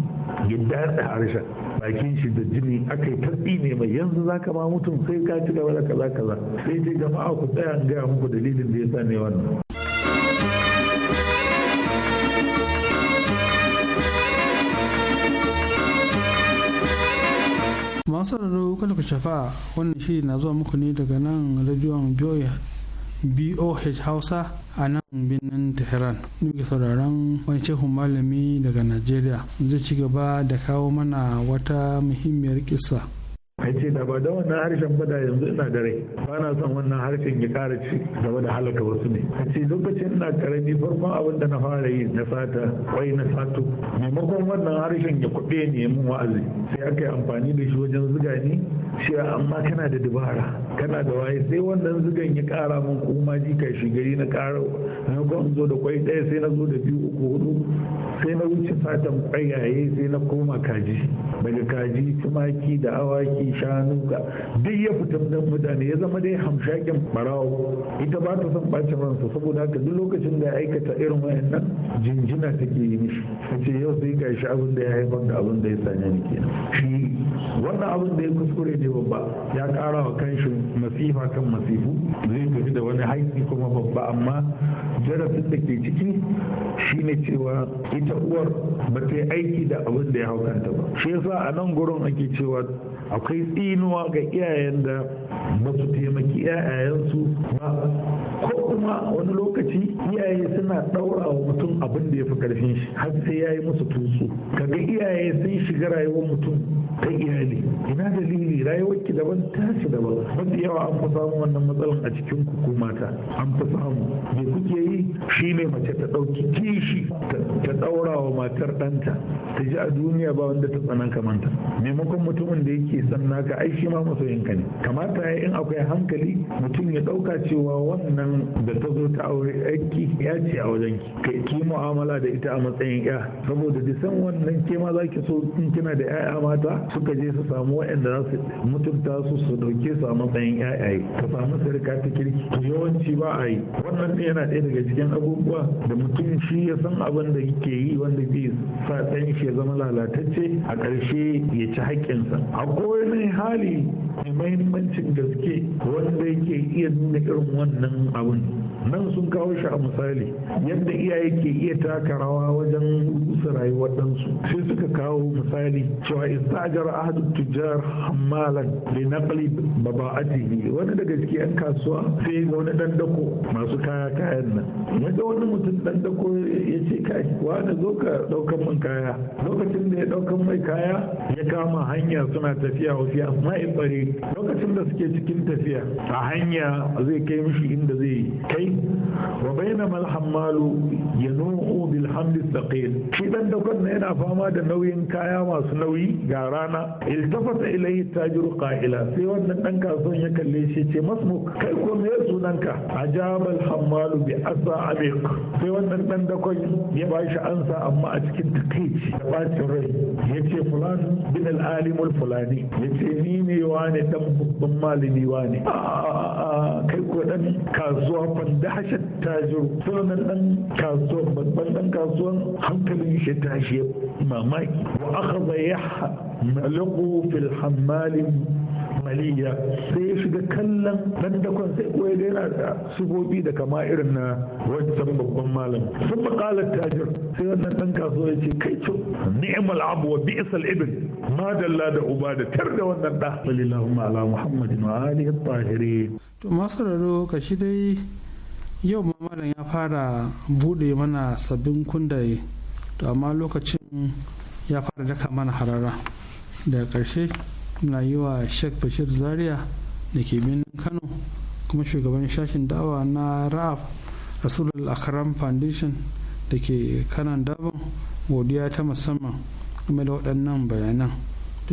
ya datsa harshen bakin shi da jini aka yi tatsi ne mai yanzu za ka ma mutum sai ka ci gaba da kaza kaza sai ce jama'a ku tsaya gaya muku dalilin da ya sa ne wannan masu rarrabu kwallo ku shafa wannan shiri na zuwa muku ne daga nan rajiyon boh hausa a nan birnin tehran muke sauraron wani shehun malami daga najeriya zai ci gaba da kawo mana wata muhimmiyar kisa da ba da wannan harshen ba da yanzu ina da rai ba na son wannan harshen ya kara ci gaba da halaka wasu ne a ce lokacin ina karami farkon abin da na fara yi na sata kwai na sato maimakon wannan harshen ya kuɗe ne mun wa'azi sai aka yi amfani da shi wajen zuga ni shi amma kana da dabara kana da waye sai wannan zugan ya kara min kuma ji kai shi gari na kara maimakon zo da kwai ɗaya sai na zo da biyu uku hudu sai na wuce satan kwayaye sai na koma kaji daga kaji tumaki da awaki shanu ga duk ya fita dan mutane ya zama dai hamshakin barawo ita ba ta son ɓaci ransa saboda haka duk lokacin da ya aikata irin wayannan jinjina take yi mishi sai yau sai ga shi abin da ya haifar da abin da ya sanya ni kenan shi wannan abin da ya kuskure ne babba ya kara wa kanshi masifa kan masifu zai tafi da wani haiti kuma babba amma darasin da ke ciki shine cewa ita uwar ba ta yi aiki da abin da ya hau kanta ba shi yasa a nan gurin ake cewa akwai tsinuwa ga iyayen da ba su taimaki iyayensu ba ko kuma wani lokaci iyaye suna ɗaura wa mutum abin da ya fi ƙarfin shi har sai ya yi musu tutsu kaga iyaye sun shiga rayuwar mutum ta iyali ina dalili rayuwarki daban tashi daban mafi yawa an fi samun wannan matsalan a cikin ku mata an fi samu me kuke yi shine mace ta ɗauki kishi ta ɗaura wa matar danta. ta ji a duniya ba wanda ta tsanan kamanta maimakon mutumin da yake san naka ai shi ma ka ne kamata ya in akwai hankali mutum ya ɗauka cewa wannan da ta zo ta aure aiki ya ce a wajen ki ki mu'amala da ita a matsayin ya saboda da san wannan ke ma za ki so in kina da 'ya'ya mata suka je su samu waɗanda za su mutunta su su dauke su a matsayin yayaye ka samu sarka ta kirki to yawanci ba a yi wannan yana ɗaya daga cikin abubuwa da mutum shi ya san abin da yake yi wanda zai sa ɗan shi ya zama lalatacce a ƙarshe ya ci haƙƙinsa akwai wani hali mai mahimmancin gaske wanda yake iya nuna irin wannan abin nan sun kawo shi a misali yadda iyaye ke iya taka rawa wajen rusa rayuwar ɗansu sai suka kawo misali cewa ga. hajar ahadu tujjar hammalan li naqli baba'atihi wani daga cikin yan kasuwa sai ga wani dan dako masu kaya kayan nan yaga wani mutum dan dako ya ce kai wani zo ka daukan min kaya lokacin da ya daukan mai kaya ya kama hanya suna tafiya wasu amma ya lokacin da suke cikin tafiya a hanya zai kai mishi inda zai kai wa bainama alhammalu yanu'u bil hamdi thaqil shi dan dakon yana fama da nauyin kaya masu nauyi ga rana rana iltafata ilaihi tajiru qa'ila sai wannan dan kasuwan ya kalle shi ce masmuk kai ko me sunanka ajabal hammalu bi asa abiq sai wannan dan dakon ya bashi ansa amma a cikin takeici da bacin rai yace fulan bin al alimul fulani yace ni ne wani dan babban malami wani ah, ah, ah, kai ko dan kasuwa fandahashat tajiru sai wannan dan kasuwan babban dan kasuwan hankalin shi tashi mamaki wa akhadha yahmaluqu fil maliya sai ya shiga kallon dan dakon sai ko ga yana da sifofi da kama irin na wancan babban malam sun makalar tajir sai wannan dan kasuwa ya ce kai co ni'mal abu wa bi'sal ibn ma dalla da uba da tar da wannan da sallallahu ala muhammadin wa alihi tahirin to masararo kashi dai yau malam ya fara bude mana sabbin kundaye to amma lokacin ya fara daka mana harara daga karshe muna yi wa sheikh bashir zaria da ke birnin kano kuma shugaban shashin dawa na ra'af rasulul akram foundation da ke kanan daban godiya ta musamman game da waɗannan bayanan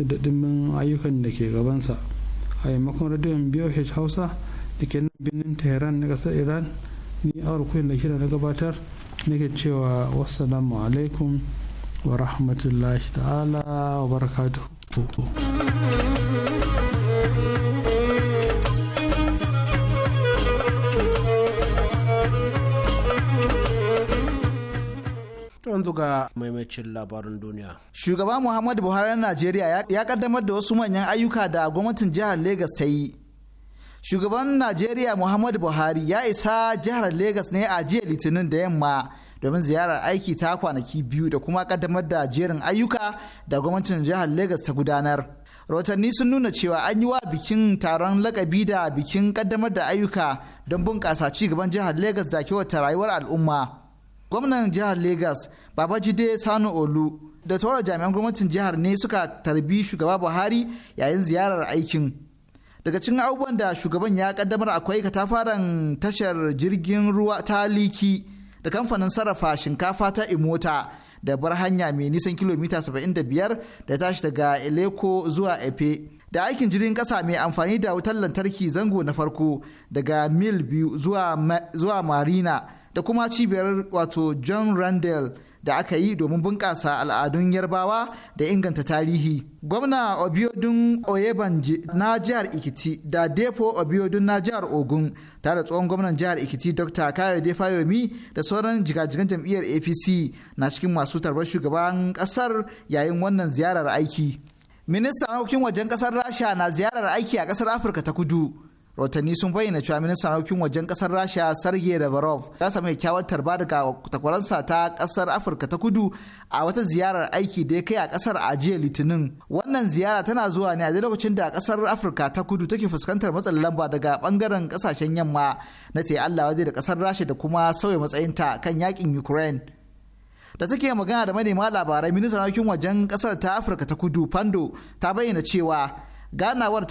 da daɗin ayyukan da ke gabansa a yammakon radiyon boh hausa da ke nan birnin tehran na ƙasar iran ni awar kudin da shirya na gabatar nake cewa wassalamu alaikum wa rahmatullahi ta'ala wa barakatuhu yanzu ga maimacin labarin duniya. Shugaba Muhammadu Buhari na Najeriya ya kaddamar da wasu manyan ayyuka da gwamnatin jihar Legas ta yi. shugaban najeriya muhammadu buhari ya isa jihar Legas ne a jiya litinin da yamma domin ziyarar aiki ta kwanaki biyu da kuma kaddamar da jerin ayyuka da gwamnatin jihar Legas ta gudanar rahotanni sun nuna cewa an yi wa bikin taron lakabi da bikin kaddamar da ayyuka don bunƙasa ci gaban jihar Legas da kewata rayuwar al'umma gwamnan jihar Legas babajide sanu olu da tora jami'an gwamnatin jihar ne suka tarbi shugaba buhari yayin ziyarar aikin daga cikin abubuwan da shugaban ya kaddamar akwai katafaren tashar jirgin ruwa ta liki da kamfanin sarrafa shinkafa ta imota da bar hanya mai nisan kilomita 75 da tashi daga eleko zuwa efe da aikin jirgin kasa mai amfani da wutar lantarki zango na farko daga mil biyu zuwa marina da kuma cibiyar wato john randall da aka yi domin bunƙasa al'adun yarbawa da inganta tarihi. Gwamna Obiodun Oyebanje na jihar Ikiti da Depo Obiodun na jihar Ogun tare da tsohon gwamnan jihar Ikiti Dr. Kayode Fayomi da sauran jigajigan jam'iyyar APC na cikin masu tarbar shugaban ƙasar yayin wannan ziyarar aiki. Ministan harkokin wajen ƙasar Rasha na ziyarar aiki a ƙasar Afirka ta Kudu. rotanni sun bayyana cewa ministan harkokin wajen kasar rasha sergey lavrov ya sami kyawar tarba daga takwaransa ta kasar afirka ta kudu a wata ziyarar aiki da ya kai a kasar a jiya litinin wannan ziyara tana zuwa ne a lokacin da kasar afirka ta kudu take fuskantar matsin lamba daga bangaren kasashen yamma na ce allah waje da kasar rasha da kuma sauya matsayinta kan yakin ukraine da take magana da manema labarai ministan harkokin wajen kasar ta afirka ta kudu pando ta bayyana cewa ganawar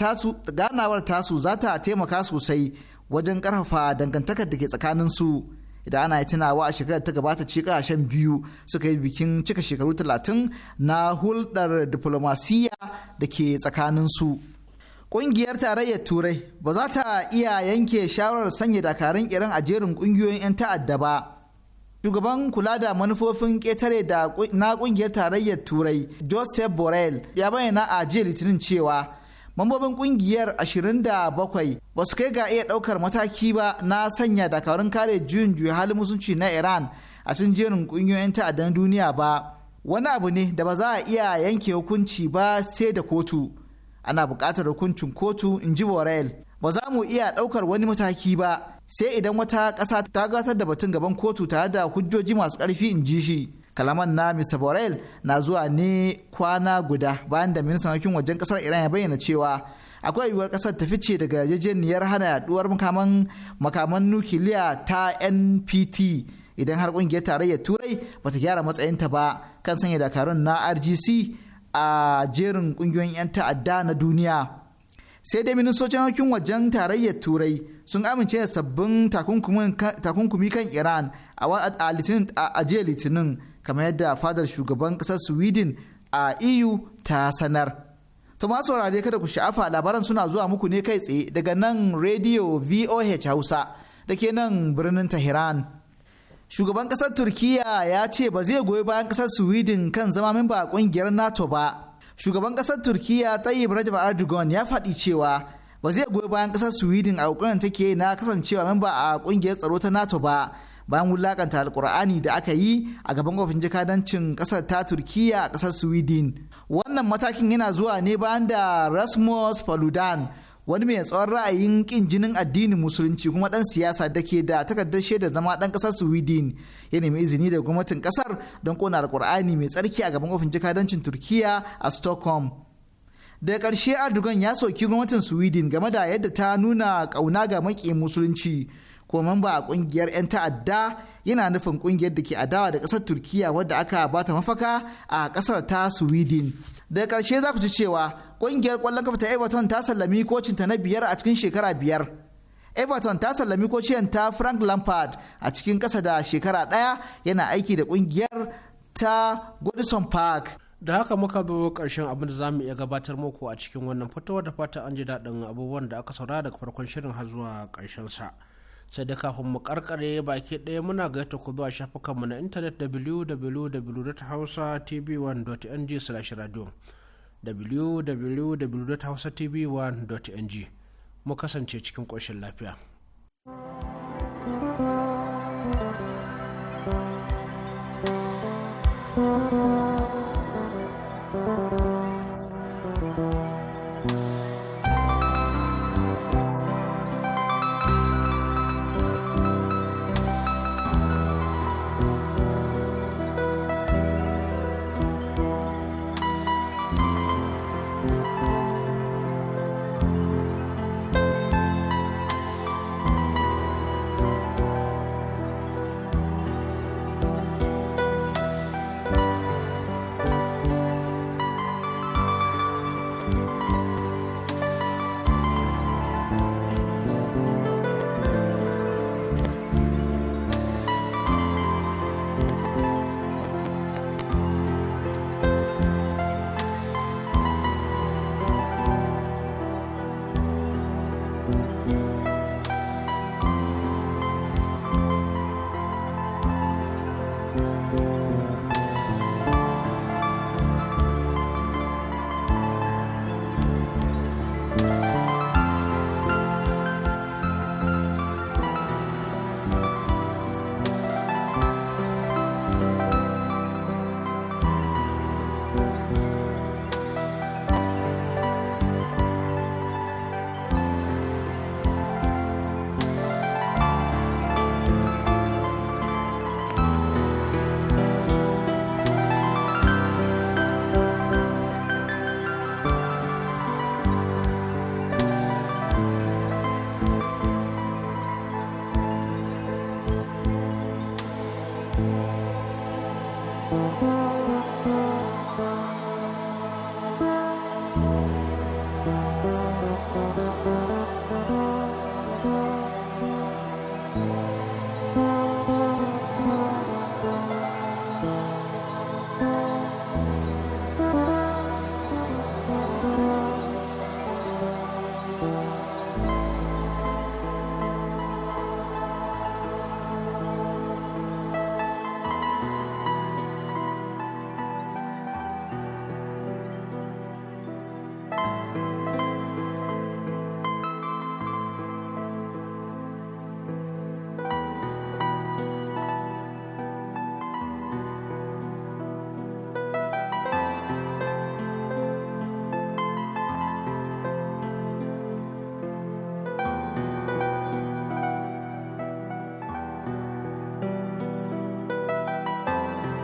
tasu za ta taimaka sosai wajen karfafa dangantakar da ke tsakanin su idan ana tunawa a shekarar ta gabata ce kashen biyu suka yi bikin cika shekaru talatin na hulɗar diplomasiya da ke tsakanin su ƙungiyar tarayyar turai ba za ta iya yanke shawarar sanya dakarun kiran a jerin ƙungiyoyin 'yan ta'adda ba shugaban kula da manufofin ƙetare na ƙungiyar tarayyar turai joseph borrell ya bayyana a jiya litinin cewa mambobin kungiyar 27 ba su kai ga iya daukar mataki ba na sanya dakarun kare juyin juya halin musulunci na iran a cikin jerin kungiyoyin ta'addan duniya ba wani abu ne da ba za a iya yanke hukunci ba sai da kotu ana buƙatar hukuncin kotu in ji borel ba za mu iya ɗaukar wani mataki ba sai idan wata ƙasa ta gabatar da batun gaban kotu tare da hujjoji masu ƙarfi in ji shi kalaman na Mr. Borrell na zuwa ne kwana guda bayan da ministan harkokin wajen kasar Iran ya bayyana cewa akwai yiwuwar kasar ta fice daga yarjejeniyar hana yaduwar makaman makaman nukiliya ta NPT idan har kungiyar tarayyar Turai ba ta gyara matsayin ta ba kan sanya dakarun na RGC a jerin kungiyoyin 'yan ta'adda na duniya. Sai dai ministocin harkokin wajen tarayyar Turai sun amince da sabbin takunkumi kan Iran a jiya Litinin kamar yadda fadar shugaban kasar sweden a eu ta sanar to masu saurare kada ku sha'afa labaran suna zuwa muku ne kai tsaye daga nan radio voh hausa da ke nan birnin tehran shugaban kasar turkiyya ya ce ba zai goyi bayan kasar sweden kan zama memba a kungiyar nato ba shugaban kasar turkiya tayyip rajab erdogan ya faɗi cewa ba zai goyi bayan kasar sweden a ƙoƙarin take na kasancewa memba a kungiyar tsaro ta nato ba bayan wulakanta alkur'ani da aka yi a gaban kofin jakadancin kasar ta turkiya a kasar sweden wannan matakin yana zuwa ne bayan da rasmus faludan wani mai tsawon ra'ayin kin jinin addinin musulunci kuma dan siyasa da ke da takardar shaidar zama dan kasar sweden ya nemi izini da gwamnatin kasar don kona alkur'ani mai tsarki a gaban kofin jakadancin turkiya a stockholm daga karshe erdogan ya soki gwamnatin sweden game da yadda ta nuna kauna ga maƙi musulunci ko mamba a kungiyar 'yan ta'adda yana nufin kungiyar da ke adawa da kasar turkiya wadda aka bata mafaka a kasar ta sweden daga karshe za ku ci cewa kungiyar kwallon kafa ta everton ta sallami kocin ta na biyar a cikin shekara biyar everton ta sallami ta frank lampard a cikin kasa da shekara ɗaya yana aiki da ƙungiyar ta godison park da haka muka bi karshen abin da za mu iya gabatar muku a cikin wannan fitowar da fata an ji daɗin abubuwan da aka saura daga farkon shirin har zuwa ƙarshen sa sai da kafin mu karkare baki ɗaya muna gaita ku zuwa shafukanmu na intanet www.hausatv1.ng slash radio www.hausatv1.ng mu kasance cikin ƙoshin lafiya. thank you